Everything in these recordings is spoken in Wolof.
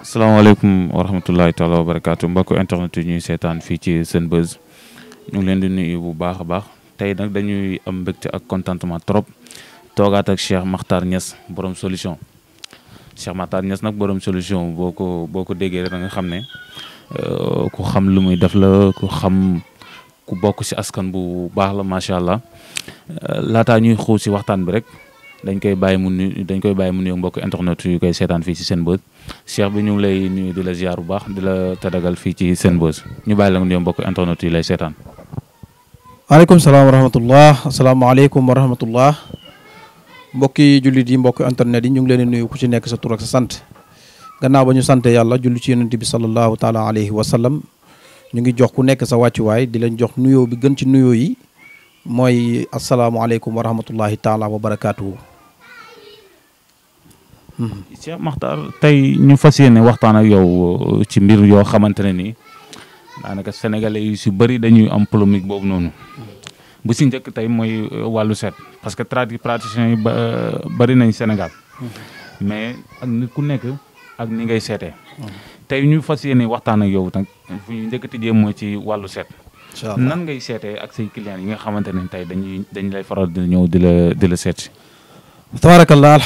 Assalamualaikum wa rahmatullahi taala wa barakaatu internet yi ñuy seetaan fii ci buzz ñu ngi leen di nuyu bu baax baax tay nak dañuy am mbégte ak contentement trop togat ak Cheikh Makhtar Niass borom solution Cheikh Makhtar Niass nak borom solution Boko boko déggé da nga xamné ne euh, ku xam lu muy def la ku xam ku bokku si askan bu baax la machallah allah euh, ñuy xoo ci waxtan bi rek dañ koy bàyyi mu nuyu dañ koy bàyyi mu nuyu mbokk internet yu koy seetaan fii ci Senbuzz Cheikh bi ñu ngi lay nuyu di la ziar bu baax di la tadagal fii ci Senbuzz ñu bàyyi la nga nuyu internet yu lay seetaan. maaleykum salaam wa rahmatullah asalaamaaleykum wa rahmatullah yi jullit yi mbokki internet yi ñu ngi leen di nuyu ku ci nekk sa tur ak sa sant gannaaw ba ñu sant yàlla julli ci yonent bi sallallahu taala alayhi wa sallam ñu ngi jox ku nekk sa wàccuwaay di leen jox nuyoo bi gën ci nuyoo yi mooy wa rahmatullahi taala wa barakaatuhu Cheikh Makhtar tay ñu fas yéene waxtaan ak yow euh, ci mbir yoo xamante ne nii daanaka sénégalais yu si bëri dañuy am polémique boobu noonu bu si njëkk tey mooy euh, wàllu seet parce que tradipraticiens yi bëri euh, nañ Sénégal mais ak nit ku nekk ak ni ngay seetee tey ñu fasiyene waxtaan ak yow nag fu ñu njëkk tijjee mooy ci wàllu seet nan ngay seetee ak say clients yi nga xamante ne tey dañuy dañ lay faral di ñëw di la di la tabarakallah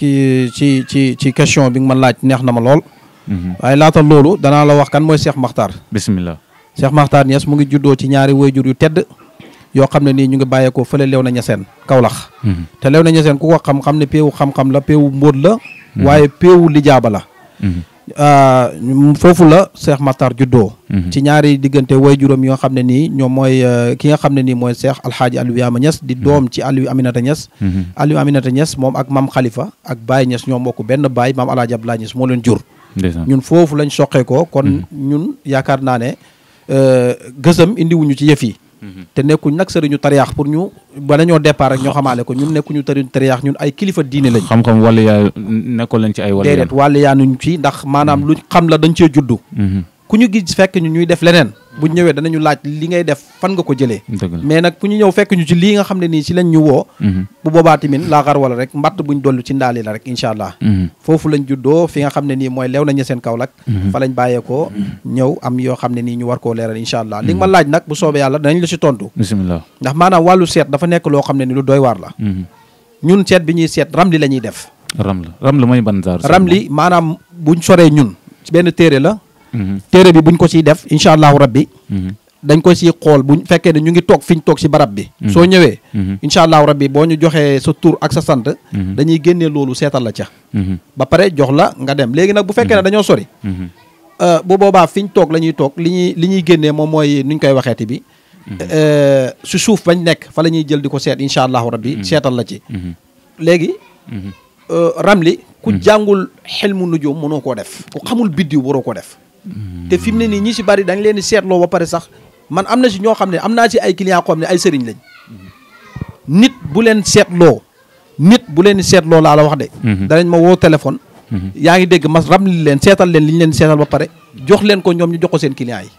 ci ci ci ci question bi nga ma laaj neex na ma lool. Mhm. waaye laata loolu danaa la wax kan mooy Cheikh maxtar bisimilah Cheikh Makhtar Niass mu ngi juddoo ci ñaari wayjur yu tedd. yoo xam ne nii ñu ngi bàyyeekoo fële lew na ñaseen Kaolack. Mhm. te lew na ñaseen ku ko xam-xam ne péewu xam-xam la péewu mbóot la. Mhm. waaye péewu lijaaba la. Euh, foofu la Cheikh Matar juddoo mhm. ci ñaari diggante woy juróom yi nga xam ne nii ñoom mooy euh, ki nga xam ne nii mooy Cheikh Alxaaji Aliou Yaama Niass di mhm. doom ci Aliou Aminata Niass mhm. Aliou Aminata Niass moom ak Mam Khalifa ak Baye Niass ñoom bokk benn Baye Mam Alaaji Abdoulaye Niass moo leen jur ñun foofu lañ soqee ko kon ñun yaakaar naa ne euh, gësam indi wuñu ci yëf yi Mhm. te nekkuñ nag sëriñu tariyaax pour ñu bala ñoo départ rek ñoo xamaale ko ñun nekkuñu sëriñu tariyaax ñun ay kilifa diine lañ xam-xam wàllu yaa nekkul ci ay wàllu déedéet wàllu yaa ndax maanaam mhm. lu xam la dañ cee juddu mhm. ku ñu gis fekk ñu ñuy def leneen bu ñu ñëwee danañu laaj li ngay def fan nga ko jëlee mais nag ku ñu ñëw fekk ñu ci lii nga xam ne nii ci lañ ñu woo mhm. bu boobaa tamit laaxar wala rek mbatt buñ dollu ci ndaali la rek incha allah mhm. foofu lañ juddoo fi nga xam ne nii mooy leew nañu seen Kaolack mhm. fa lañ bàyyeekoo ñëw am yoo xam ne nii ñu war koo leeral incha allah li nga ma laaj nag bu soobee yàlla danañ la ci tontu bismillah ndax maanaam wàllu seet dafa nekk loo ne ni lu doy waar la ñun seet bi ñuy seet ramli la ñuy def ramli ramli mooy ban ramli maanaam buñ soree ñun benn téere la téere bi buñ ko siy def incha allahu rabbi mhm. dañ ko si xool buñ fekkee ne ñu ngi toog fi ñu toog si barab bi mhm. soo ñëwee mhm. incha allahu rabbi boo ñu joxee sa tour ak sa sant dañuy génnee loolu seetal la ca ba pare jox la nga dem léegi nag bu fekkee ne dañoo sori euh, bu boobaa fi ñu toog la ñuy toog li ñuy li ñuy génnee moom mooy nuñ koy waxeeti bi euh, si suuf bañ nekk fa la ñuy jël di ko seet incha allahu rabbi seetal la ci léegi euh, ramli ku jàngul xilmu nujum mënoo koo def ku xamul biddiw waroo koo def te fi mu ne nii ñi si bari dañ leen di seetloo ba pare sax man am na si ñoo xam ne am naa si ay clients ko xam ne ay sëriñ lañ nit bu leen seetloo nit bu leen seetloo laa la wax de. Mhm. danañ ma woo téléphone. Mhm. yaa ngi dégg ma ramli leen seetal leen li ñu leen seetal ba pare jox leen ko ñoom ñu jox ko seen clients yi.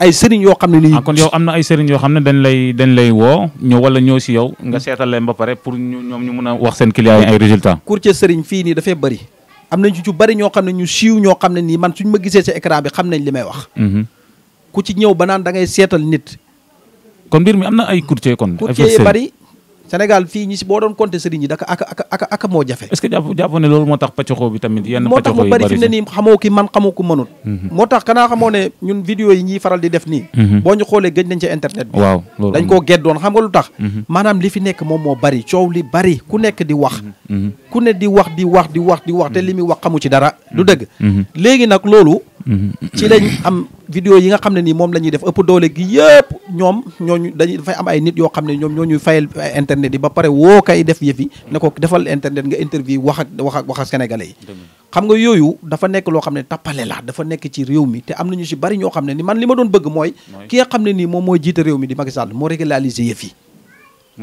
ay sëriñ yoo xam ne nii. Ah, kon yow am na ay sëriñ yoo xam ne dañ lay dañ lay woo ñëw wala ñëw si yow nga seetal leen ba pare pour ñu ñoom ñu mun a wax seen clients yi ay résultats. courtier sëriñ fii nii dafay bëri. am nañ ci ñu bari ñoo xam ne ñu siiw ñoo xam ne nii man suñ ma gisee sa écran bi xam nañ li may wax. Mhm. ku ci ñëw ba naan da ngay seetal nit. kon mbir mi am na ay courtier kon. courtier yi bari Sénégal fii ñi si boo doon compter sëriñ yi daka aka aka aka aka moo jafe. est-ce que jàpp jàpp ne loolu moo tax pàccoxoo bi tamit yenn pàccoxoo yi bari moo tax mu bari ne nii xamoo ki man xamoo ku mënut. Mhm. moo tax xanaa xamoo ne ñun vidéo yi ñuy faral di def nii. Mhm. boo ñu xoolee gëj nañ ci internet bi. waaw loolu dañ koo geddoon xam nga lu tax. Mhm. maanaam li fi nekk moom moo bari coow li bari ku nekk di wax. ku ne di wax di wax di wax di wax te li muy wax xamu ci dara. lu dëgg léegi nag loolu. ci lañ am vidéo yi nga xam ne nii moom la ñuy def ëpp doole gi yëpp ñoom ñooñu dañuy dafay am ay nit yoo xam ne ñoom ñooñuy fayal internet yi ba pare woo kay def yëfi ne ko defal internet nga interview wax ak wax ak wax ak sénégalais yi xam nga yooyu dafa nekk loo xam ne tappale la dafa nekk ci réew mi te am nañu si bari ñoo xam ne ni man li ma doon bëgg mooy ki nga xam ne nii moom mooy jiite réew mi di Macky moo régulariser yëfi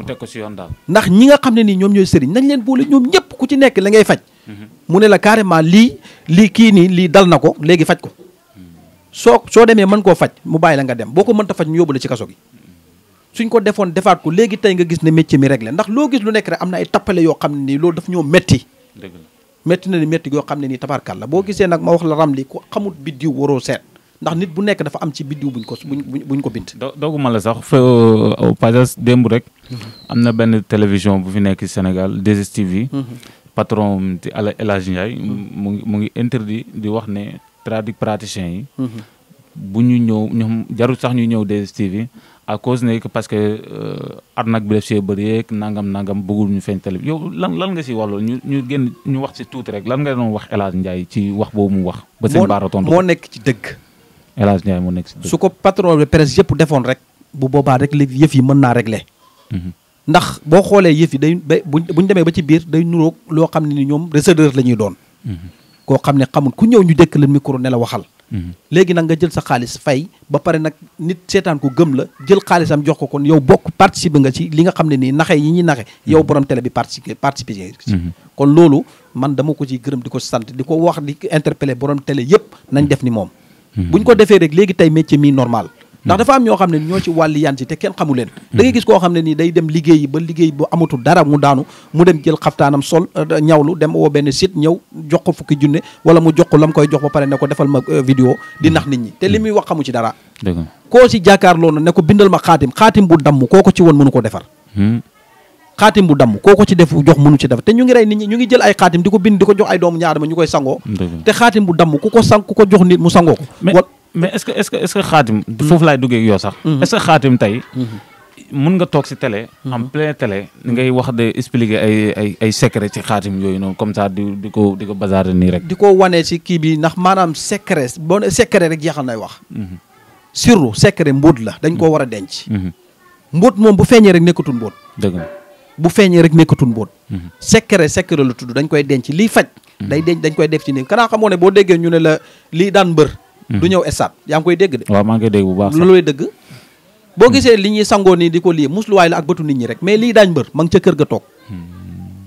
mu teg ko si yoon daal ndax ñi nga xam ne nii ñoom ñooy sëriñ nañ leen boole ñoom ñëpp ku ci nekk la ngay faj mu ne la carrément lii lii kii nii lii dal na ko léegi faj ko soo soo demee mën koo faj mu bàyyi la nga dem boo ko mënta faj ñu yóbbu la ci kaso gi suñ ko defoon defaat ko léegi tey nga gis ne métier mi réglé ndax loo gis lu nekk rek am na ay tappale yoo xam ne nii loolu daf ñoo métti métti na ni métti yoo xam ne nii tabaarkal la boo gisee nag wax la ram li ku xamut biddiw waroo seet ndax nit bu nekk dafa am ci biddiw buñ ko buñ ko bind dooguma la sax fa euh, au passage démb rek mhm. am na benn télévision bu fi nekk senegal 2STV patron ci El Hadj Ndiaye mm-hmm. mu ngi mu ngi interdit di wax ne tradipraticiens yi mm-hmm. bu ñu ñëw ñoom jarul sax ñu ñëw DSTV à cause ne que parce que euh, arnaque bi def see bëri yeeg nangam nangam bëggul ñu feeñ télé yow lan lan nga si wax loolu ñu ñu génn ñu wax si tuuti rek lan nga doon wax El Hadj Ndiaye ci wax boobu mu wax. ba seen baara tontu moo nekk ci dëgg. El Hadj Ndiaye moo nekk su ko patron de presse yëpp defoon rek bu boobaa rek li yëf yi mën naa régler. Mm-hmm. ndax boo xoolee yëf yi day ba bu buñ demee ba ci biir day nuroog loo xam ne ni ñoom receveur la ñuy doon mm-hmm. koo xam ne xamul ku ñëw ñu dëkk la micro ne la waxal mm-hmm. léegi nag nga jël sa xaalis fay ba pare nag nit seetaan ko gëm la jël xaalisam jox ko kon yow bokk participer nga ci li nga xam ne nii naxe yi ñu naxe mm-hmm. yow borom télé bi participer participer kon loolu man dama ko ciy gërëm di ko sant di ko wax di interpeller borom télé yëpp nañ def ni moom buñ ko defee rek léegi tey métier mi normal ndax dafa am ñoo xam ne ñoo ci wàlli yan si te kenn xamu leen da gis koo xam ne nii day dem liggéey ba liggéey ba amatul dara mu daanu mu dem jël xaftaanam sol euh, ñawlu dem woo benn sit ñëw jox ko fukki junne wala mu jox ko la mu koy jox ba pare ne ko defal ma euh, vidéo di nax ñi te li muy wax xamu ci dara koo si jàkkaarloo na ne ko bindal ma xaatim xaatim bu damm koo ko ci woon mënu ko defar hmm. xaatim bu damm koo ko ci def jox mënu ci def te ñu ngi rey nit ñi ñu ngi jël ay xaatim di ko bind di ko jox ay doomu ñaadama ñu koy sangoo te xaatim bu damm ku ko sang ko jox nit mu sangoo ko mais est-ce que est-ce que est-ce que xaatim foofu laay duggee yow sax mhm. est-ce que xaatim tey mhm. mun nga toog si télé mhm. en plein télé ngay wax de expliquer ay ay ay secret ci xaatim yooyu noonu comme ça di di ko di ko bazarde nii rek di ko wane si kii bi ndax maanaam secret boo ne secret rek jeexal nay wax surtout secret mbóot la dañ koo war a denc mbóot moom bu feeñee rek nekkatul mbóot dëgg la bu feeñee rek nekkatul mbóot secret secret la tudd dañ koy denc lii faj day denc dañ koy def ci nii kanaa xamoo ne boo déggee ñu ne la lii daan mbër Mm-hmm. du ñëw stade yaa ngi koy dégg de. waaw maa ngi koy dégg bu baax loolu lay dëgg. boo gisee li ñuy sangoo nii di ko lii musluwaay la ak bëtu nit ñi rek mais lii daañ mbër ma ngi ca ga toog. Mm-hmm.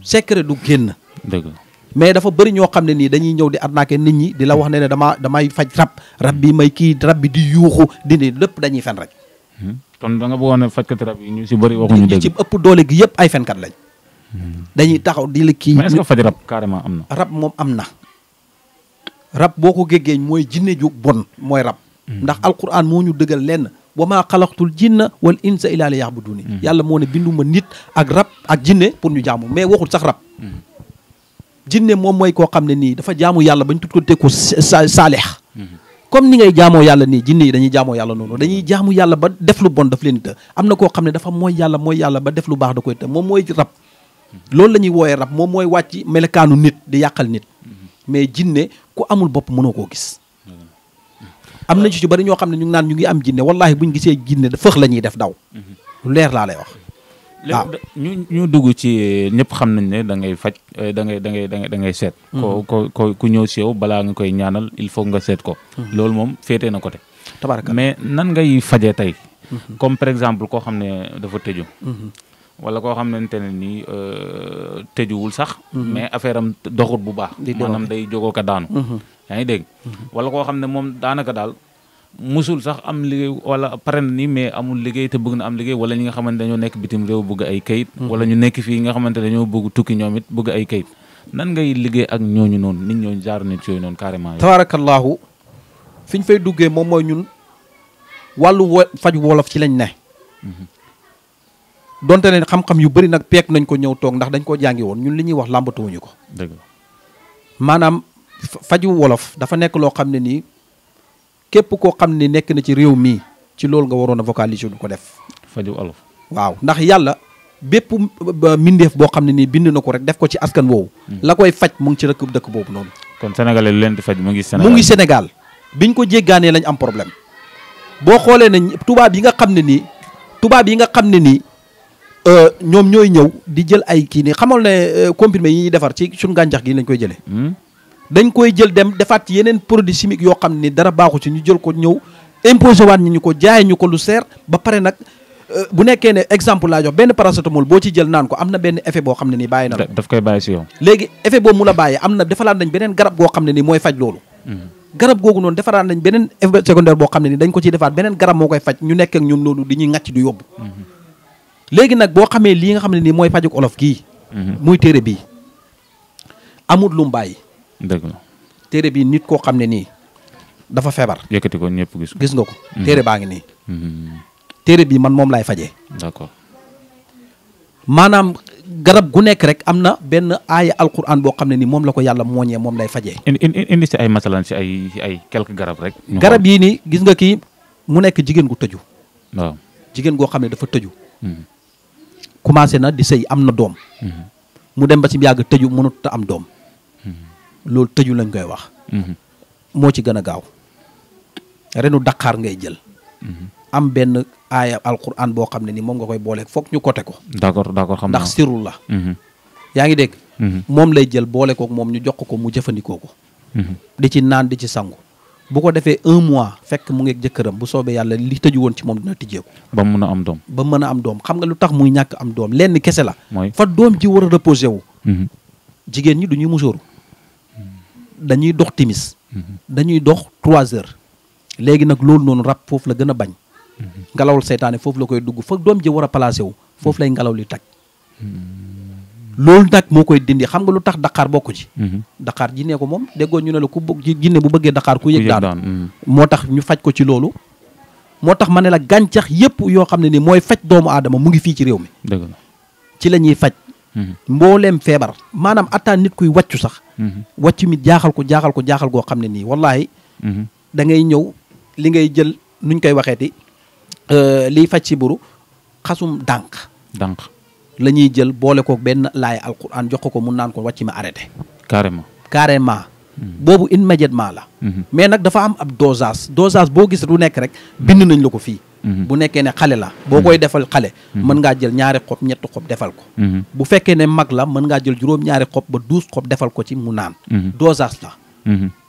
secret du génn. dëgg mais dafa bëri ñoo xam ne nii dañuy ñëw di arnaquer nit ñi di la wax ne ne damaa damay faj rab rab bi may kii rab bi di yuuxu di ne lépp dañuy fen rek. Mm-hmm. kon da nga bëggoon a fajkat rab yi ñu si bëri waxuñu dëgg ci ëpp doole gi yëpp ay fenkat lañ. dañuy taxaw di la kii. mais est-ce faj rab carrément am na. rab moom am na. rab boo ko géggeeñ mooy jinne ju bon mooy rab mm. ndax alquran moo ñu dëggal lenn wa maa xalaqtul jinna wal insa illa li ya'buduni mm. yàlla moo ne binduma nit ak rab ak jinne pour ñu jaamu mais waxul sax rab mm. jinne moom mooy koo xam ne nii dafa jaamu yàlla bañ tut ko tekku saaleex mm-hmm. comme ni ngay jaamoo yàlla nii jinne yi dañuy jaamoo yàlla noonu dañuy jaamu yàlla ba def lu bon daf leen të am na koo xam ne dafa mooy yàlla mooy yàlla ba def lu baax da koy të moom mooy rab mm-hmm. loolu la ñuy wooyee rab moom mooy wàcc melekaanu nit di yàqal nit mm-hmm. mais jinne ku amul bopp mënoo koo gis am na ci ci bari ñoo xam ne ñu ngi naan ñu ngi am jinne wallahi buñ gisee jinne fëx la ñuy def daw lu leer laa lay wax ñu ñu dugg ci eh, ñëpp xam nañ ne da ngay faj eh, da ngay da ngay da ngay seet mm-hmm. ko ko ku ñëw si balaa nga koy ñaanal il faut nga seet ko mm-hmm. loolu moom féetee na côté tabaraka mais nan ngay fajee tey mm-hmm. comme par exemple koo xam ne dafa tëju wala koo xamante ne nii euh, tëjuwul sax. Mhm. mais affaire am doxut bu baax. maanaam day jógoo ko daanu. Mhm. yaa ngi dégg. Mhm. wala koo xam ne moom daanaka daal musul sax am liggéey wala pare na nii mais amul liggéey te bëgg na am liggéey wala ñi nga xamante dañoo nekk bitim réew bëgg ay kayit. wala ñu nekk fii nga xamante dañoo bëgg tukki ñoomit it ay kayit. nangay liggéey ak ñooñu noonu nit ñooñu jaar nit yooyu noonu carrément. tabaarakallaahu fi ñu fay duggee moom mooy ñun wàllu faj wolof ci lañ ne. donte ne xam yu bëri nag peek nañ ko ñëw toog ndax dañ koo jàngi woon ñun li ñuy wax làmbatuwuñu ko maanaam faju wolof dafa nekk loo xam ne nii képp koo xam ne nekk na ci réew mii ci loolu nga waroon a vocaliser du ko def faju wolof waaw ndax yàlla bépp mbindeef boo xam ne nii bind na ko rek def ko ci askan woowu hmm. la koy faj mu ngi ci rëkk dëkk boobu noonu kon sénégalais lu leen di faj mu ngi sénégal bi ngi ko jéggaanee lañu am problème boo xoolee nañ tubaab yi nga xam ne nii tubaab yi nga xam ne nii Euh, ñoom ñooy ñëw di jël ay kii nii xamal ne euh, comprimé yi ñuy defar ci suñ gàncax gi lañ koy jëlee. Hmm? dañ koy jël dem defaat ci yeneen produit chimique yoo xam ni dara baaxu ci ñu jël ko ñëw imposé waat ñu ko jaay ñu ko lu seer ba pare nag euh, bu nekkee ne exemple laa jox benn paracétamol boo ci jël naan ko am na benn effet boo xam ne nii bàyyi na la. daf koy bàyyi si yow. léegi effet boobu mu la bàyyi am na defalaat nañ beneen garab goo xam ne nii mooy faj loolu. Hmm. garab googu noonu defaraat nañ beneen effet secondaire boo xam ne ni dañ ko ciy defaat beneen garab ñu nekk ak ñoom loolu di ñuy ngàcc du yóbbu hmm. léegi nag boo xamee lii nga xam ne nii mooy pajuk olof kii mhm. muy téere bii amut lu mu bàyyi. téere bii nit koo xam ne nii dafa feebar. yëkkati ko ñëpp gis nga ko. Mhm. téere baa ngi nii. Mhm. téere bii man moom laay faje d'accord maanaam garab gu nekk rek am na benn aaya alquran boo xam ne nii moom la ko yàlla mooñee moom lay fajee. indi si ay masalan si ay ay garab rek. garab yii nii gis nga kii mu nekk jigéen gu tëju. jigéen goo xam ne dafa tëju. commencé na di sëy am na doom mhm. mu dem ba ci yàgg tëju mënut am doom mhm. loolu tëju lañ koy wax mhm. moo ci gën a gaaw renu daqaar ngay jël am benn aaya alquran boo xam ne ni moom nga koy booleeg foog ñu côté ko d'accord d'accord xam naa ndax sirul la yaa ngi dégg moom lay jël boole kook moom ñu jox ko mu jëfandikoo ko di ci naan di ci sangu bu ko defee un mois fekk mu ngee jëkkëram bu soobee yàlla li tëju woon ci moom dina tijjeeku ba mën a am doom ba mën a am doom xam nga lu tax muy ñàkk am doom lenn kese la fa doom ji war a reposé wu mm-hmm. jigéen ñi du ñuy musóoru mm-hmm. dañuy dox timis mm-hmm. dañuy dox trois heures léegi nag loolu noonu rab foofu la gën a bañ ngelaw seytaane foofu la koy dugg fa doom ji war a placé wu foofu lay ngelaw li taj loolu nag moo koy dindi xam nga lu tax daqaar bokk ci. Mhm. Dakar jinne ko moom déggoo ñu ne la ku bëgg jinne bu bëggee Dakar ku yëg daan mhm. moo tax ñu faj ko ci loolu. moo tax ma ne la gàncax yépp yoo xam ne nii mooy faj doomu aadama mu ngi fii ci réew mi. dëgg ci la ñuy faj. Mhm. mbooleem feebar maanaam attaan nit kuy waccu sax. wàccu mi jaaxal ko jaaxal ko jaaxal goo xam ne nii wallaahi. da ngay ñëw li ngay jël nuñ koy waxeeti euh, liy faj si buru xasum dànq dànk. la ñuy jël boole ko benn laay alquran jox ko ko mun naan ko wàcc ma arrêté. carrément carrément. Mhm. boobu immédiatement la. Mhm. mais nag dafa am ab dosage dosage boo gis lu nekk rek bind nañ la ko fii. Mhm. bu nekkee ne xale la boo koy defal xale. mën ngaa jël ñaari xob ñetti xob defal ko. bu fekkee ne mag la mën ngaa jël juróom ñaari xob ba douze xob defal ko ci mu naan. dosage la.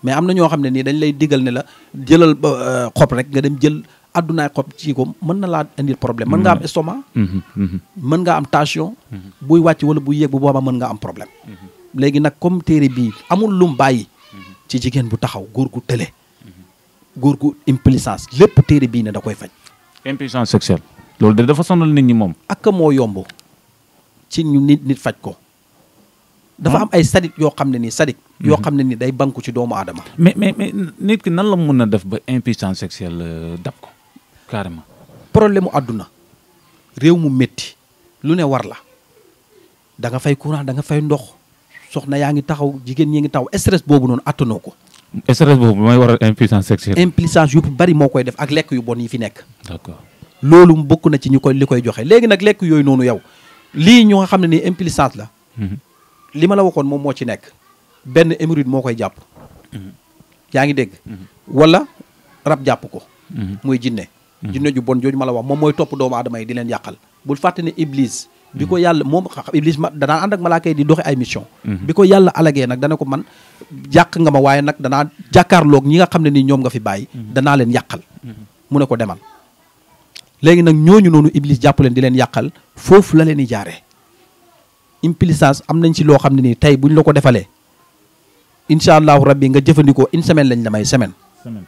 mais am na ñoo xam ne nii dañ lay digal ne la jëlal euh, xob rek nga dem jël àddunaay xob ci ko mën na laa indil problème mën nga am mm-hmm. estomac mm-hmm. Mm-hmm. mën nga am tension buy wàcc wala buy yéeg bu boobaa mën nga am problème léegi nag comme téere bii amul lum bàyyi ci jigéen bu taxaw góor gu tële góor gu impuissance lépp téere bii na da koy faj impuissance sexuelle loolu de dafa sonal nit ñi moom ak moo yomb ci ñu nit faj ko dafa hmm? am ay sadik yoo xam ne nii sadik yoo hmm. xam ne ni day banku ci doomu aadama mais mais mais nit ki nan la mun na def ba impuissance sexuelle euh, dab ko carrément problème mu àdduna réew mu metti lu ne war la da nga fay courant da nga fay ndox soxna yaa ngi taxaw jigéen ñi ngi taxaw stress boobu noonu attanoo ko. stress boobu mooy waral impuissance sexuelle. impuissance yu bari moo koy def ak lekk yu bon yi fi nekk. d'accord loolu bokk na ci ñu koy li koy joxe léegi nag lekk yooyu noonu yow lii ñu nga xam ne ni impuissance la. Mhm. li ma la waxoon moom moo ci nekk benn hémorroïde moo koy jàpp. Mhm. yaa ngi dégg. Mhm. wala rab jàpp ko. muy jinne Mm-hmm. jinne ju bon jooju ma la wax moom mooy topp doomu aadama yi di leen yàqal bul fàtte ne iblis bi ko mm-hmm. yàlla moom iblis ma danaa ànd ak malaaka yi di doxe ay mission mm-hmm. bi ko yàlla alagee nag dana ko man jàq nga ma waaye nag danaa jàkkaarloog ñi nga xam ne nii ñoom nga fi bàyyi danaa leen yàqal mu ne ko demal léegi nag ñooñu noonu iblis jàpp leen di leen yàqal foofu la leen di jaare impuissance am nañ ci loo xam ne nii tey buñ la ko defalee incha allahu rabbi nga jëfandikoo une semaine lañ la may semaine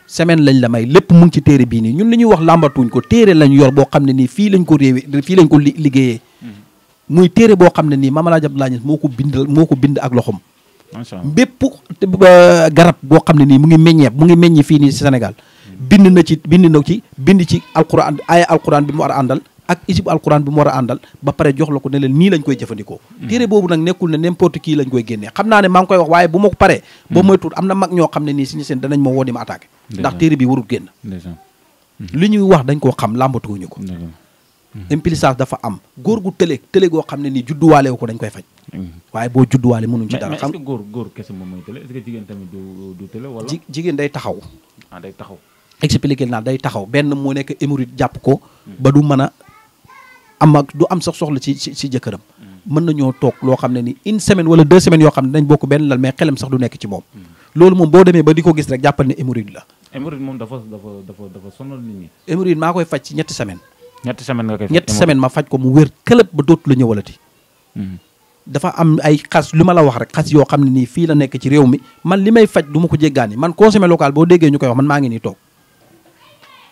semaine lañ la may lépp mu ngi ci téere bii nii ñun li wax làmbatuñ ko téere lañ yor boo xam ne nii fii lañ ko réewee fii lañ ko liggéeyee mm-hmm. muy téere boo xam ne nii Mame ma laa Abdoulaye Niass moo ko bindal moo ko bind ak loxom bépp garab boo xam ne nii mu ngi meññeeb mu ngi meññi fii nii Sénégal mm-hmm. bind na ci bind na ci bind ci alquran aaya alquran bi mu war a àndal ak isib alquran bi mu war a àndal ba pare jox la ko ne leen nii lañ koy jëfandikoo mm. téere boobu nag nekkul ne n'importe qui lañ koy génnee xam naa ne maa ngi koy wax waaye bu ma ko paree ba mm. moytuut am na mag ñoo xam ne nii siñu seen danañ ma woo di ma attaqué ndax téere bi warul génn mm-hmm. li ñuy wax dañ ko xam làmbatuwuñu ko mm-hmm. implicage dafa am góor gu tële tële goo xam ne nii judduwaale ko dañ koy faj mm-hmm. waaye boo judduwaale mënuñ ci dara xam mais est-ce que góor góor kese moom mooy tële est-ce que jigéen tamit du day taxaw ah day taxaw naa day taxaw benn moo nekk hémorroïde jàpp ko mm. ba du mën a am ak du am sax soxla ci ci jëkkëram mën nañoo toog loo xam ne ni une semaine wala deux semaines yoo xam ne dañ bokk benn lal mais xelam sax du nekk ci moom loolu moom boo demee ba di ko gis rek jàppal ne hémorroïde la hémorroïde moom dafa dafa dafa dafa sonal nit maa koy faj ci ñetti semaine ñetti semaine ma faj ko mu wér këlëb ba dootu la ñëwalati mhm. dafa am ay xas lu ma la wax rek xas yoo xam ne nii fii la nekk ci réew mi man li may faj du ma ko jéggaani man consommé local boo déggee ñu koy wax man maa ngi nii toog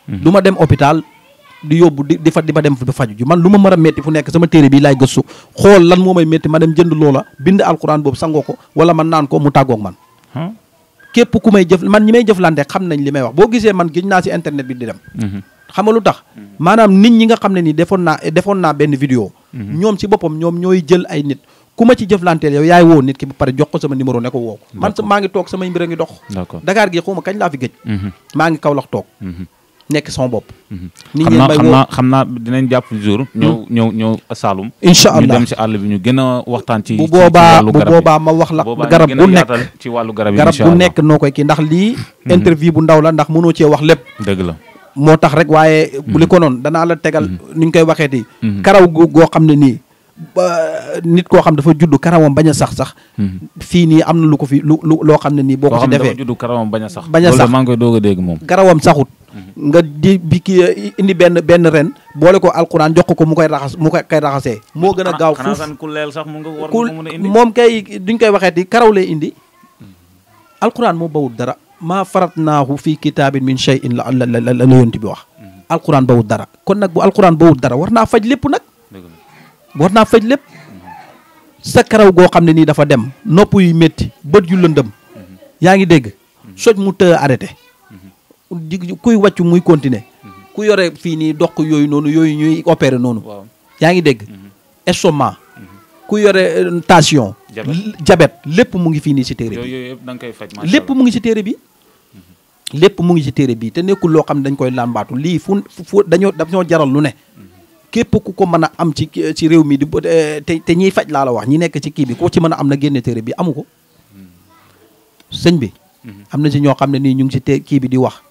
mhm. du di yóbbu di di fa di fa dem fa faju ji man lu ma mën a metti fu nekk sama téere bi lay gëstu xool lan moo may metti ma dem jënd loola bind alxuraan boobu sangoo ko wala man naan ko mu tàggoog man hmm? képp ku may jëf man ñi may jëflante xam nañ li may wax boo gisee man gëj naa si internet bi di dem hmm. xam nga lu tax hmm. maanaam nit ñi nga xam ne nii defoon naa defoon naa benn vidéo ñoom si boppam ñoom ñooy jël ay nit ku ma ci jëflanteel yow yaay woo nit ki ba pare jox ko sama numéro ne ko woo man maa ngi toog samay mbir a ngi dox Dakar gi xaw ma kañ laa fi gëj maa ngi kaw Kaolack toog nek sama bopp. Mhm. nit ñi may xam naa xam naa dinañ jàpp jour. ñëw hmm? ñëw ñëw Saloum. incha ñu dem si àll bi ñu gën waxtaan ci. bu boobaa bu boobaa ma wax la garab bu nekk ci wàllu garab yi garab bu nekk noo koy ndax lii. Hmm. interview bu ndaw la ndax mënoo cee wax lépp. dëgg la moo rek waaye. bu li hmm. ko noonu danaa la tegal ni ñu koy waxeeti. karaw goo xam ne nit koo xam dafa judd karawam bañ a sax sax. fii nii am na lu ko fi lu loo xam ne nii. boo ko ci defee loo xam ne dafa judd karawam bañ sax. bañ sax loolu ngi koy doog a karawam saxut. nga di bi eh, indi benn benn ren boole ko alxuraan jox ko mu koy raxas mu koy kay raxasee moo gën a gaaw fuuf ku leel sax mu nga ko mën a indi moom kay duñ koy waxee waxeeti karaw lay indi alxuraan moo bawul dara maa farat naahu fii kitaabin min shay'in la la la yonent bi wax mhm. alxuraan bawul dara kon nag bu alxuraan bawul dara war naa faj lépp nag war naa faj lépp mhm. sa karaw goo xam ne nii dafa dem nopp yu métti bët yu lëndëm mhm. yaa ngi dégg soj mu të arrêté di kuy wàcc muy continuer mhm. ku yore fii nii dox yooyu noonu yooyu ñuy opérer noonu yaa ngi dégg mhm. estomac mhm. ku yore euh, tension diabète lépp mu ngi fii nii si téere bi lépp mu ngi si téere bi lépp mu ngi si téere bi te nekkul loo xam ne dañ koy làmbaatu lii fu fu dañoo dañoo jaral lu ne képp ku ko mën a am ci ci réew mi di te te ñiy faj laa la wax ñi nekk ci kii bi ku ci mën a am na génne téere bi amu ko bi am na si ñoo xam ne nii ñu ngi si te kii bi di wax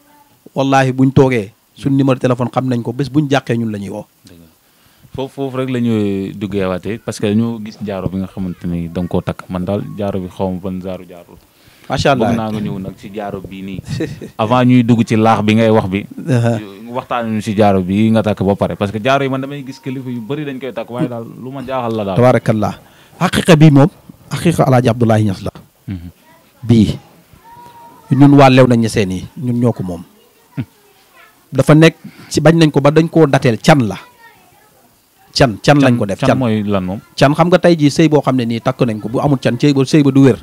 wallahi buñ togué suñ numéro téléphone xam nañ ko bës buñ jaxé ñun lañuy wo woo foofu rek lañuy duggé waté parce que ñu gis jaaro bi nga xamanteni dang ko tak man dal jaaro bi xaw ban ban jaaro ma sha allah bëgg naa nga ñëw nak ci jaaro bi ni avant ñuy dugg ci laax bi ngay wax bi waxtaan ñu ci jaaro bi nga tak ba paré parce que jaaro yi man damay gis kilifa yu bari dañ koy tak waye dal luma jaaxal la dal tabarakallah xaqiqa bii moom xaqiqa alaaji abdoulahi ñas la mhm. bii ñun walew nañ ñun ñoo ko dafa nekk ci bañ nañ ko ba dañ koo dateel can la can can lañ ko def can mooy lan can xam nga tey jii sëy boo xam ne nii takk nañ ko bu amul can sëy ba sëy ba du wér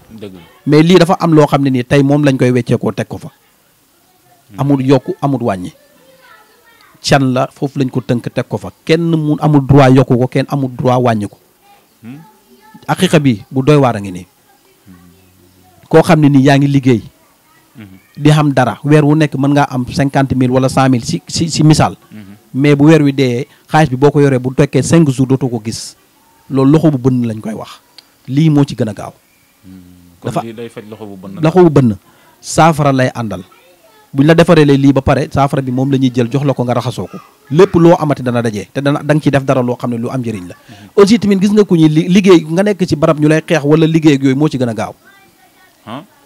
mais lii dafa am loo xam ne nii tey moom lañ koy wecceekoo teg ko fa hmm. amul yokku amul wàññi can foofu lañ ko tënk teg ko fa kenn mun amul droit yokku ko kenn amul droit wàññi ko hmm. aqiqa bi bu doy waar a ngi nii koo xam ne nii yaa ngi liggéey di xam dara weer wu nekk mën ngaa am cinquante mille wala cent mille si si si misaal. Mhm. mais bu weer wi dee xaalis bi boo ko yoree bu tekkee cinq jours dootoo ko gis loolu loxo bu bënn lañ koy wax lii moo ci gën a gaaw. Hmm. dafa kon lii day faj loxo bu bënn. loxo bënn saafara lay àndal buñ la defaree lay lii ba pare saafara bi moom la ñuy jël jox la ko nga raxasoo ko lépp loo amati dana dajee te dana da ciy def dara loo xam ne lu am njëriñ la. Mhm. aussi tamit gis nga ku ñuy liggéey nga nekk ci barab ñu lay xeex wala liggéey ak yooyu moo ci gën a gaaw.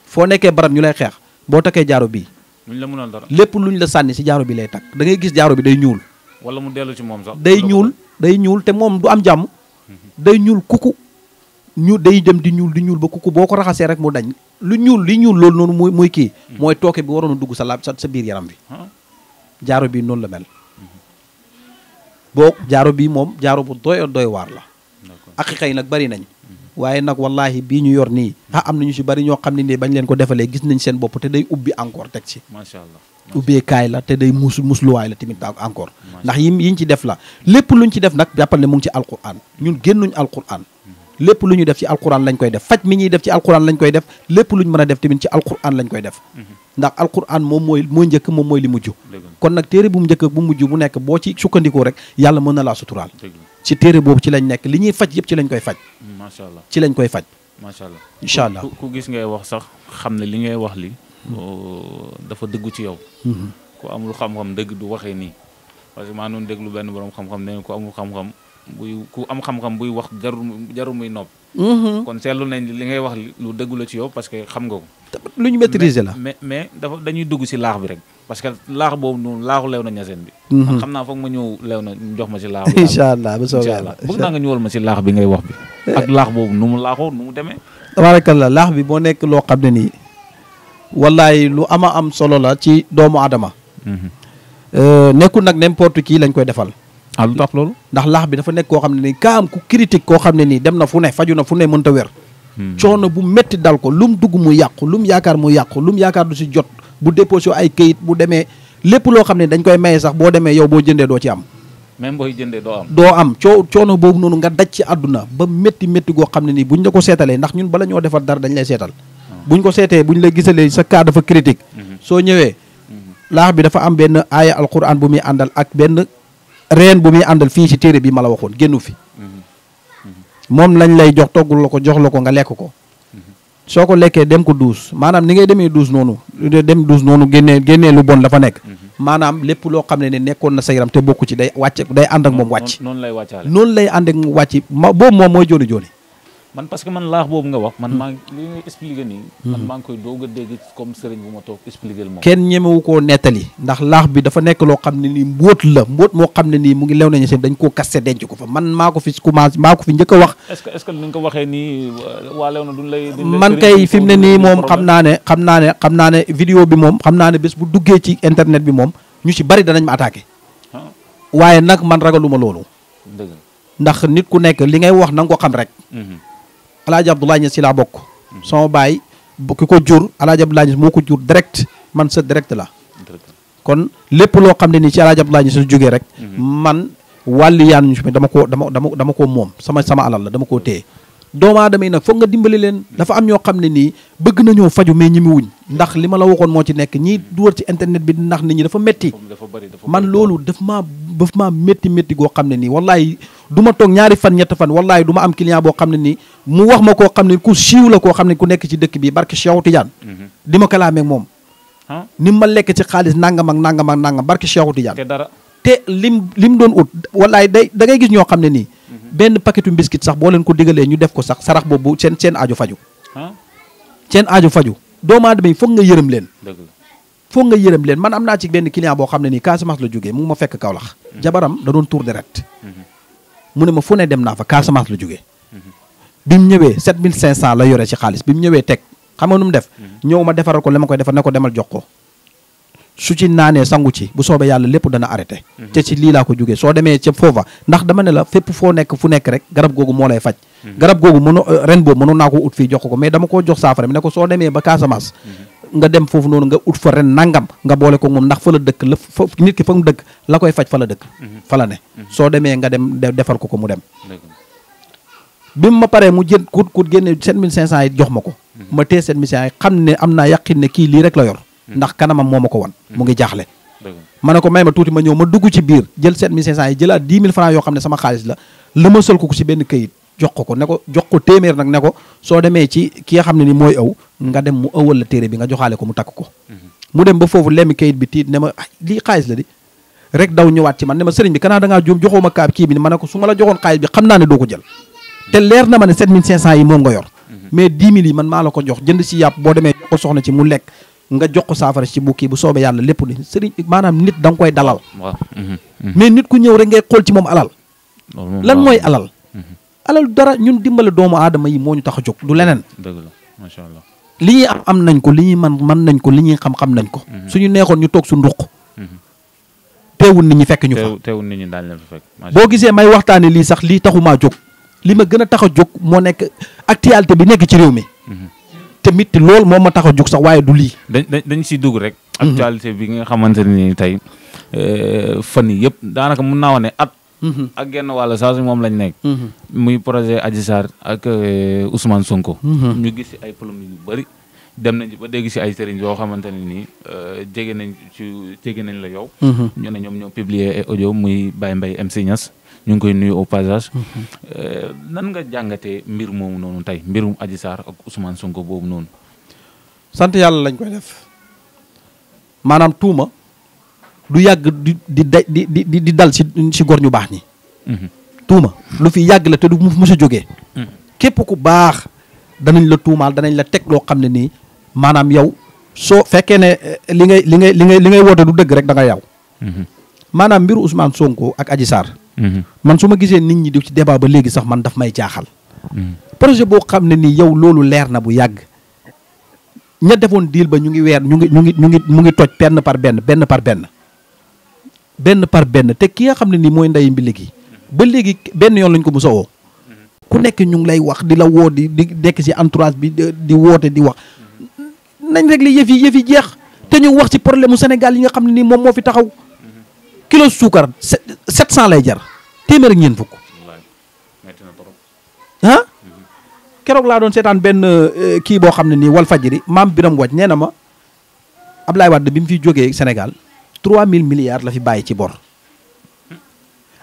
foo nekkee barab ñu lay xeex boo takkee jaaro bii. duñ la mënal dara lépp luñ la sànni si jaaro bi lay takk dangay gis jaaro bi day ñuul. wala mu dellu ci moom sax. day ñuul day ñuul te moom du am jàmm. Mhm. day ñuul kuku. ñu day dem di ñuul di ñuul ba kuku boo ko raxasee rek mu dañ. lu ñuul li ñuul loolu noonu mooy mooy kii. Mhm. mooy tooke bi waroon a dugg sa laab sa biir yaram bi. Ah. jaaro bi noonu la mel. Mhm. boo jaaro bi moom jaaro bu doy doy waar la. ak xëy nag bari nañ. waaye nag wallahi bii ñu yor nii ah am nañu si bari ñoo xam ne nii bañ leen ko defalee gis nañ seen bopp te day ubbi encore teg ci macha ubbeekaay la te day mus musluwaay la tamit daal encore ndax yi yiñ ci def la lépp luñ ci def nag jàppal ne mu ngi ci alquran ñun génnuñ alquran lépp lu ñu def ci alquran lañ koy def faj mi ñuy def ci alquran lañ koy def lépp lu ñu mën a def tamit ci alquran lañ koy def mhm. ndax alquran moom mooy mooy njëkk moom mooy li mujj kon nag téere bu mu njëkk bu mujj bu nekk boo ci sukkandikoo rek yàlla mën na laa suturaal ci téere boobu ci lañ nekk li ñuy faj yëpp ci lañ koy faj macha allah ci lañ koy faj macha allah incha allah ku gis ngay wax sax xam ne li ngay wax li mhm. oh, dafa dëggu ci yow mhm. ku amul xam-xam dëgg du waxee nii parce que maa noonu déglu benn borom xam-xam ko amul xam buy ku am xam-xam buy wax jarul jarul muy nopp. Mm-hmm. kon seetlu nañ li ngay wax lu dëggu la ci yow parce que xam nga ko. lu ñu maîtriser la mais mais dafa dañuy dugg si laax bi rek. parce que laax boobu noonu laaxu lew na ñaseen bi. Mm-hmm. xam naa foog ma ñëw lew na jox ma si laax incha allah bu soobee yàlla bëgg naa nga ñëwal laax bi ngay wax eh. ak laax boobu nu mu laaxoo nu mu demee. tabarakallah laax bi boo nekk loo xam ne nii. wallaay lu ama am solo la ci doomu Adama. Mm-hmm. Eh, nekkul nag n'importe kii lañ koy defal. ah loolu ndax laax bi dafa nekk koo xam ne nii kaa am ku critique koo xam ne nii dem na fu ne faju na fu ne mënta wér hmm. coono bu métti dal ko lum dugg mu yàqu lum yaakaar mu yàqu lum yaakaar du si jot bu déposé ay kayit bu demee lépp loo xam ne dañ koy maye sax boo demee yow boo jëndee doo ci am même booy jëndee doo am doo am coo coono boobu noonu nga daj ci àdduna ba métti métti goo xam ne nii bu ñu la ko seetalee ndax ñun bala ñoo defar dara dañ lay seetal bu ah. buñ ko seetee buñ lay gisalee sa cas dafa critique mm-hmm. soo ñëwee mm-hmm. laax bi dafa am benn aaya alquran bu muy àndal ak benn reen bu muy àndal fii ci téere bi ma la waxoon génnu fi moom lañ lay jox toggul la ko jox la ko nga lekk ko soo ko lekkee dem ko duus maanaam ni ngay demee duus noonu dem duus noonu génnee génnee lu bon dafa nekk maanaam lépp loo xam ne ne nekkoon na sa yaram te bokku ci day wàcce day ànd ak moom wàcc noonu lay ànd ak moom wàcc ma boobu moom mooy jooni jooni man parce que man laax bobu nga wax man hmm. maa li ngay expliquer ni man hmm. mang koy doga deg dégg comme serigne bu ma tok toog expliqué ken kenn wu ko netali ndax laax bi dafa nek lo xamni ni mbot la mbot mo xamni ni mu ngi lew nañu seen dañ ko kaste denc ko fa man mako fi commencé mako fi ñëk wax est-ce est-ce ñu ko waxé ni wa lew na duñ lay man kay fim ne ni mom xamna naa ne xam naa ne xam ne vidéo bi mom xamna naa ne bés bu duggé ci internet bi mom ñu ci bari dañ ma attaquer ah. waye nak man ragaluma loolu ndax nit ku nek li ngay wax nang ko xam rek mhm. alaaji Abdoulaye Niass si laa bokk sama baay ki ko jur alaaji Abdoulaye Niass moo ko jur direct man sa direct la kon lépp loo xam ne nii ci alaaji Abdoulaye Niass su jógee rek mhm. man wàllu yaan ñu dama koo dama dama dama koo moom sama sama alal la dama koo téye doomu aadama yi nag foog nga dimbali leen dafa am ñoo xam ne nii bëgg nañoo faju mais ñi mu wuñ ndax li ma la waxoon moo ci nekk ñii du wër ci internet bi ndax nit ñi dafa métti man loolu daf maa daf maa métti métti goo xam ne nii wallaay du ma toog ñaari fan ñett fan wallaay du ma am client boo xam ne nii mu wax ma koo xam ne ku siiw la koo xam ne ku nekk ci dëkk bi barke Cheikh Tidiane mhm. di ma kalaameeg moom ni ma lekk ci xaalis nangam ak nangam ak nangam barke Cheikh Tidiane te dara te lim lim doon ut wallaay day da ngay gis ñoo xam ne nii mhm. benn paquetu biscuit sax boo leen ko digalee ñu def ko sax sarax boobu seen seen aajo faju seen aajo faju doomu aadama yi foog nga len leen foog nga yërëm leen man am naa ci ben client boo xam ne Casamance la jógee mu ma fekk Kaolack mhm. jabaram da doon tour direct ret mhm. mu ne ma fu ne dem naa fa Casamance la jógee bi mu 7500 la yore ci xaalis bi mu tek teg xam nga def ñëw ma ko la ma koy defar nako ko jox ko su ci naanee sangu ci bu soobee yàlla lépp dana arrêté ca mhm. ci lii laa ko jógee soo demee ca foofa ndax dama ne la fépp foo nekk fu nekk rek garab googu moo lay faj mhm. garab googu mënu euh, ren boobu mënu naa ko ut fii jox ko mais dama koo jox saafara ne ko soo demee ba Casamance mhm. nga dem foofu noonu nga ut fa ren nangam nga boole ko moom ndax fa la dëkk la fa nit ki fa mu dëkk la koy faj fa la dëkk fa la ne soo demee nga dem defal ko ko mu dem bi mu ma paree mu jën kut kut génne 7500 yi jox ma ko ma tee 7500 yi xam ne am naa yàqin ne kii lii rek la yor ndax kanamam moo ma ko wan mu ngi jaaxle ma ne ko may ma tuuti ma ñëw ma dugg ci biir jël 7500 yi jëlaat 10 000 francs yoo xam ne sama xaalis la la ma sol ko ci benn kayit jox ko ko ne ko jox ko téeméer nag ne ko soo demee ci ki nga xam ne ni mooy aw nga dem mu ëwal la bi nga joxaale ko mu takk ko mhm. mu dem ba foofu lemmi këyit bi tiit ne ma ah lii xaalis la di rek daw ñëwaat ci man ne ma sëriñ bi kanaa da ngaa kaab kii bi ma ne ko su ma la joxoon xaalis bi xam naa ne doo ko jël te leer na ma ne 7500 yi moom nga yor mhm. mais 10 000 yi man maa la ko jox jënd si yàpp boo demee ko soxna ci mu lekk nga jox ko saafara ci bu kii bu soobee yàlla lépp li sëriñ maanaam nit da koy dalal mhm, mhm. mais nit ku ñëw rek ngay ci alal lan mooy alal mhm. alal dara ñun dimbale doomu aadama yi moo ñu tax a jóg du leneen dëgg la masha allah li ñuy am am nañ ko li ñuy man man nañ ko li ñuy xam-xam nañ ko suñu neexoon ñu toog su nduq teewul nit ñi fekk ñu fa teewul nit ñi daal leen fa fekk gisee may sax li ma gën a tax a jóg moo nekk actualité bi ci mi tamit loolu moo ma tax a jug sax waaye du lii. dañ dañ siy dugg rek. Mhm. actualité bi nga xamante ne nii tey euh, fan yii yëpp daanaka mun naa wane at. Mhm. ak genn wàll saa su moom lañ nekk. Mhm. muy projet Adji Sarr ak euh, Ousmane Sonko. ñu gis ay polémique yu bëri. dem nañ ba dégg si ay sëriñ yoo xamante ne nii euh, jege nañ ci jege la yow. ñu ne ñoom ñoo publier audio muy Baye Mbaye MC Niass. ñu ngi koy nuyu au passage. Mm-hmm. Euh, nan nga jàngatee mbir moomu noonu tey mbirum Adji Sarr ak Ousmane Sonko boobu noonu. sant yàlla lañ koy def maanaam tuuma du yàgg di di di di dal si gor ñu baax ñi. Mm-hmm. tuuma lu fi yàgg la te du mës a jógee. Mm-hmm. képp ku baax danañ la tuumaal danañ la teg loo xam ne nii maanaam yow soo fekkee ne eh, li ngay li ngay li ngay li ngay woote du dëgg rek da nga yaw maanaam mbiru Ousmane Sonko ak Adji Sarr. man su ma gisee nit ñi di ci débat ba léegi sax man daf may jaaxal. projet boo xam ne nii yow loolu leer na bu yàgg. ña defoon diil ba ñu ngi weer ñu ngi ñu ngi ñu mu ngi toj benn par benn benn par benn. benn par benn te ki nga xam ne nii mooy ndeyu mbi léegi ba léegi benn yoon lañ ko mos a ku nekk ñu ngi lay wax di la woo di di nekk ci entourage bi di woote di wax nañ rek li yëf yi yëf yi jeex te ñu wax ci problème mu Sénégal yi nga xam ne nii moom moo fi taxaw. kilo suukar sept cent lay jar téeméer ak ñeent fukk. ah keroog laa doon seetaan benn euh, kii boo xam ne nii wal fajiri maam biram waj nee na ma Ablaye Wade bi mu fi jógee Sénégal trois mille milliards la fi bàyyi ci bor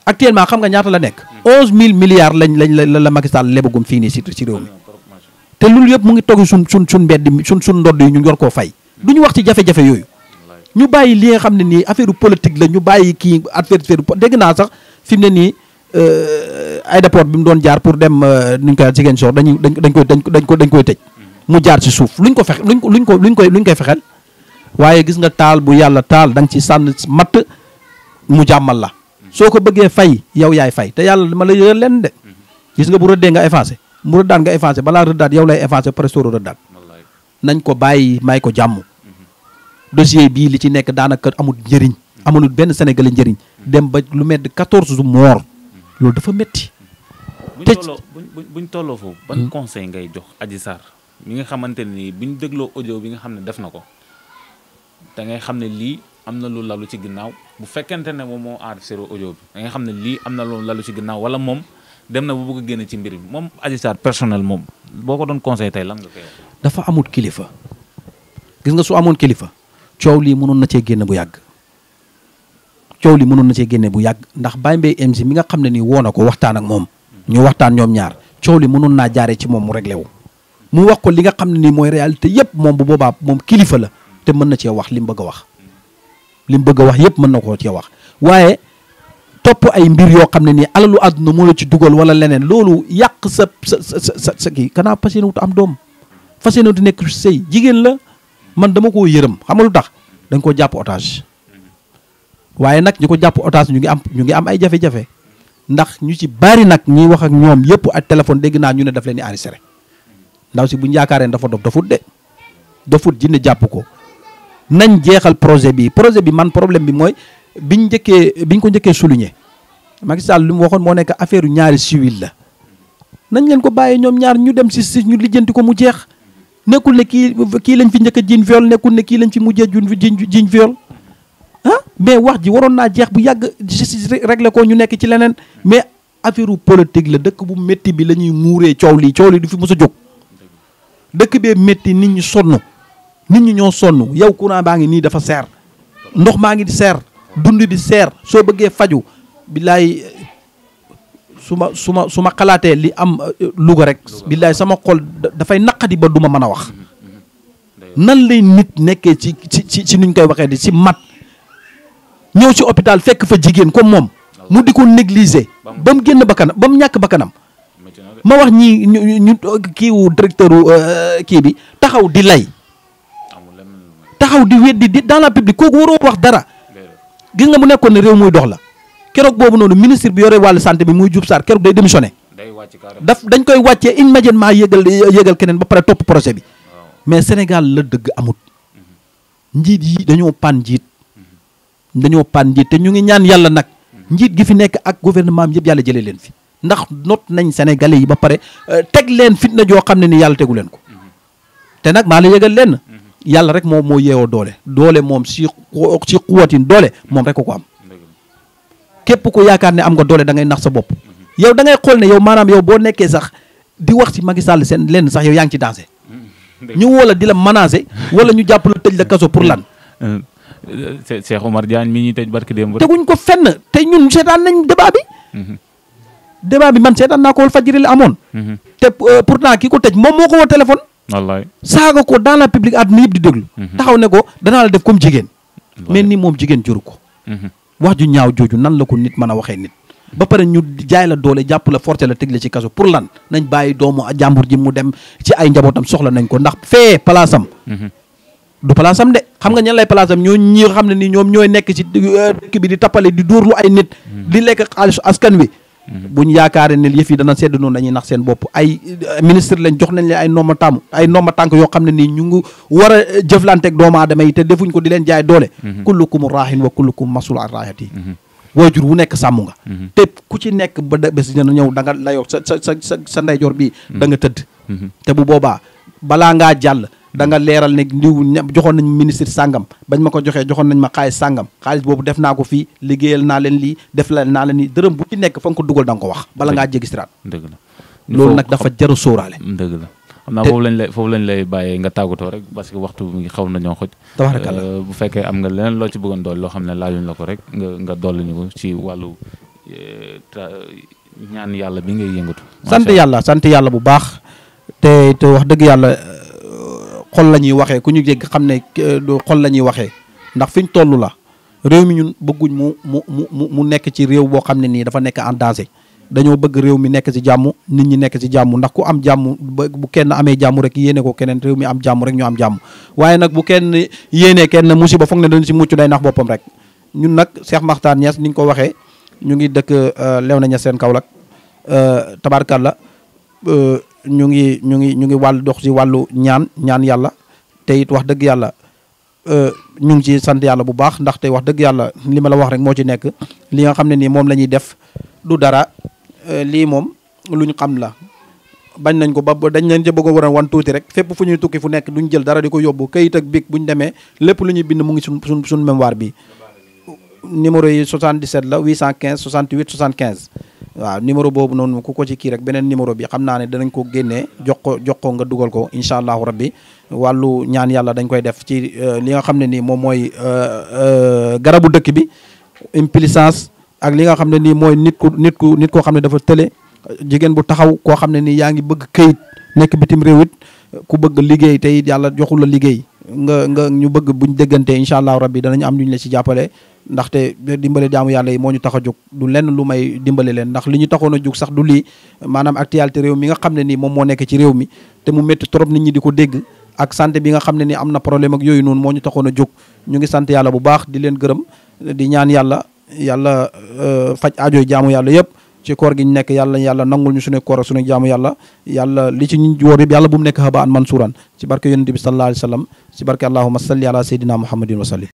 actuellement xam nga ñaata la nekk mhm. onze mille milliards lañ lañ la la Macky Sall lebagum fii nii si réew mi te loolu yëpp mu ngi toog sun sun sun sun sun ndodd yi ñu yor koo fay mhm. du ñu wax ci jafe-jafe yooyu ñu bàyyi li nga xam ne nii affaire politique la ñu bàyyi kii adversaire dégg naa sax fi mu ne nii ay euh, aéroport bi mu doon jaar pour dem euh, nu ñu koy waxee Ziguinchor dañuy dañ koy dañ ko dañ koy tëj. mu jaar ci suuf luñ ko fexe luñ ko luñ ko luñ koy luñ koy fexeel waaye gis nga taal bu yàlla taal da nga ci sànn matt mu jàmmal la. soo ko bëggee fay yow yaay fay te yàlla ma la yore leen de. gis nga bu rëddee nga effacé mu rëddaat nga balaa rëddaat yow lay effacé presque rëddaat nañ ko bàyyi may ko jàmm. dossier bii li ci nekk daanaka amul njëriñ amalul benn sénégalais njëriñ dem ba lu mel ne quatorze morts loolu dafa métti. tëj buñ tolloo foofu ban hmm? conseil ngay jox Adji Sarr mi nga xamante ne nii buñ dégloo audio bi nga xam ne def na ko dangay xam ne lii am na lu lalu ci ginnaaw bu fekkente ne moom moo aar sero audio bi da ngay xam ne lii am na lu ci ginnaaw wala moom dem na bu bëgg a génn ci mbir mi moom Adji Sarr personnel moom boo ko doon conseil tey lan nga dafa amul kilifa gis nga su amoon kilifa. coow lii mënoon na cee génne bu yàgg coow lii mënoon na cee génne bu yàgg ndax Baye Mbaye MC mi nga xam ne nii woo na ko waxtaan ak moom ñu waxtaan ñoom ñaar coow li mënoon naa jaaree ci moom mu réglé wu mu wax ko li nga xam ne nii mooy réalité yëpp moom bu boobaab moom kilifa la te mën na cee wax li mu bëgg a wax li mu bëgg a wax yëpp mën na koo cee wax waaye topp ay mbir yoo xam ne nii alalu àdduna moo la ci dugal wala leneen loolu yàq sa sa sa kii kanaa fas am doom fas yéene wut nekk sëy jigéen la man dama koo yërëm xam nga lu tax dañ koo jàpp otage waaye nag ñu ko jàpp otage ñu ngi am ñu ngi am ay jafe-jafe ndax ñu ci bari nag ñuy wax ak ñoom yëpp ak téléphone dégg naa ñu ne daf leen di enregistré ndaw si bu ñu yaakaaree dafa dof dofut de dofut jinne jàpp ko nañ jeexal projet bi projet bi man problème bi mooy biñ njëkkee biñ ko njëkkee souligné Macky Sall li mu waxoon moo nekk affaire ñaari civil la nañ leen ko bàyyee ñoom ñaar ñu dem si si ñu lijjanti ko mu jeex nekkul ne kii kii lañ fi njëkk a jiiñ viol nekkul ne kii lañ fi mujjee jiiñ jiiñ viol ah mais wax ji waroon naa jeex bu yàgg justice réglé ko ñu nekk ci leneen mais affaire politique la dëkk bu métti bi la ñuy muuree coow lii coow lii du fi mos a jóg dëkk bee métti nit ñi sonn nit ñi ñoo sonn yow courant baa ngi nii dafa seer ndox maa ngi di seer dund bi seer soo bëggee faju billaay su ma su ma su ma xalaatee li am euh, Louga rek billaay sama xol dafay naqadi ba duma mën a wax mm-hmm, mm-hmm. nan lay nit nekkee ci ci ci nuñ koy waxee di ci mat ñëw si hôpital fekk fa jigéen comme moom ah mu di ko négliger ba mu génn bakkanam ba mu ñàkk bakkanam ma wax ñii ñu kiiwu directeur euh, kii bi taxaw di lay taxaw di weddi di dans la public kooku waroo wax dara gis nga mu nekkoon ne réew muy dox la keroog boobu noonu ministre bi yore wàllu santé bi muy Diouf Sarr keroog day démissionné. day wàcc daf dañ koy wàccee immédiatement yëgal yëgal keneen ba pare topp projet bi. mais Sénégal la dëgg amut. Mhm. njiit yi dañoo pan njiit. Mhm. dañoo pan njiit te ñu ngi ñaan yàlla nag. Mhm. njiit gi fi nekk ak gouvernement am yëpp yàlla jëlee leen fi. ndax not nañ sénégalais yi ba pare euh, teg leen fitna joo xam ne ni yàlla tegu leen ko. te nag maa la yëgal leen. yàlla rek moom moo yeewoo doole. doole moom si si xuwatin doole moom rek ko am. képp ku yaakaar ne am nga doole da ngay nax sa bopp yow da ngay xool ne yow maanaam yow boo nekkee sax di wax ci Macky Sall seen lenn sax yow yaa ngi ci dansé ñu woo la di la menacer wala ñu jàpp la tëj la kaso pour lan euh, euh, Cheikh Omar Diagne mi ñuy tëj barki démb teguñ ko fenn te ñun seetaan nañ débat bi mhm. débat bi man seetaan naa ko wal fajiri la amoon mhm. te euh, pourtant ki ko teg moom moo ko woo téléphone wallaay saaga ko dans la public àdduna yëpp di déglu mhm. taxaw ne ko danaa la def comme jigéen mel ni moom jigéen juru ko wax ju ñaaw jooju nan la ko nit mën a waxee nit ba pare ñu jaay la doole jàpp la forcé la teg la ci kaso pour lan nañ bàyyi doomu a jàmbur ji mu dem ci ay njabootam soxla nañ ko ndax fee palaasam mhm. du palaasam de xam nga ña lay palaasam ñoo ñi xam ne ni ñoom ñooy nekk ci euh, dëkk bi di tappale di dóorlu ay nit mhm. di lekk xaalisu askan wi bu ñu yaakaaree ne yëf yi dana sedd noonu dañuy nax seen bopp ay euh, ministre lañ jox nañ leen ay nooma tàmm ay nomba tànk yoo xam ne nii ñu ngi war a euh, jëflanteeg doomu aadama yi te defuñ ko di leen jaay doole. Mhm. kullukum raahin wa kullukum masul an raayati mhm. waajur wu nekk sàmm nga. Mhm. te ku ci nekk ba bés dina ñëw da nga layoo sa sa sa sa ndeyjoor bi da nga tëdd. te bu boobaa balaa ngaa jàll. da nga leeral ne ndiw ña joxoon nañ ministre sàngam bañ ma ko joxee joxoon nañ ma xaalis sàngam xaalis boobu def naa ko fii liggéeyal naa leen lii def la naa leen lii dërëm bu ci nekk fa nga ko dugal da nga ko wax bala ngaa jéggi siraat la loolu nag dafa jaru sóoraale dëgg la xam naa foofu lañ lay foofu lañ lay bàyyee nga tàggatoo rek parce que waxtu mi euh, am nga leneen loo ci bëggoon dool loo xam ne laajuñ la ko rek nga nga dolli ñu ko ci wàllu euh, ñaan yàlla bi ngay yëngatu sant yàlla sant yàlla bu baax te wax dëgg yàlla xol la ñuy waxee ku ñu jégg xam ne euh, xol la ñuy waxee ndax fi ñu toll la réew mi ñun bëgguñ mu mu mu mu nekk ci réew boo xam ne nii dafa nekk en danger dañoo bëgg réew mi nekk ci jàmm nit ñi nekk ci jàmm ndax ku am jàmm bu kenn amee jàmm rek yéene ko keneen réew mi am jàmm rek ñu am jàmm waaye nag bu kenn yéenee kenn musiba foog ne dañu si muccu day nax boppam rek ñun nag Cheikh maxtaan Niass ni ñu ko waxee ñu ngi dëkk lew euh, Léona Niassène Kaolack euh, tabaarkalla ñu ngi ñu ngi ñu ngi wàll dox ci wàllu ñaan ñaan yàlla te it wax dëgg yàlla euh, ñu ngi ci sant yàlla bu baax ndax te wax dëgg yàlla li ma la wax rek moo ci nekk li nga xam ne nii moom la ñuy def du dara euh, lii moom luñ xam la bañ nañ ko ba dañ leen ca bëgg a war a tuuti rek fépp fu ñuy tukki fu nekk duñ jël dara di ko yóbbu kayit ak bic buñ demee lépp lu ñuy bind mu ngi suñ suñ suñ mémoire bi numéro yi 77 la 815 68 75 waaw numéro boobu noonu ku ko ci kii rek beneen numéro bi xam naa ne danañ ko génnee jox ko jox ko nga dugal ko incha allahu rabbi wàllu ñaan yàlla dañ koy def ci euh, li nga xam ne nii moom mooy euh, euh, garabu dëkk bi impuissance ak li nga xam ne nii mooy nit ku nit ku nit koo xam ne dafa tële jigéen bu taxaw koo xam ne nii yaa ngi bëgg këyit nekk bitim réew ku bëgg liggéey tey yàlla joxu la liggéey nga nga ñu bëgg buñ déggante incha allahu rabbi danañ am ñu ñu la ci jàppale ndaxte dimbale jaamu yàlla yi moo ñu tax a jóg du lenn lu may dimbale leen ndax li ñu taxoon a jóg sax du lii maanaam actualité réew mi nga xam ne nii moom moo nekk ci réew mi te mu métti trop nit ñi di ko dégg ak santé bi nga xam ne ni am na problème ak yooyu noonu moo ñu taxoon a jóg ñu ngi sant yàlla bu baax di leen gërëm di ñaan yàlla yàlla euh, faj aajoy jaamu yàlla yëpp ci koor gi ñu nekk yàlla yàlla nangul ñu suñu koor ak suñu jaamu yàlla yàlla li ci ñu woor yëpp yàlla bu mu nekk habaan mansuuran ci barke yonente bi sallallahu alayhi wa sallam ci barke allahuma salli ala sayyidina muhammadin wa salli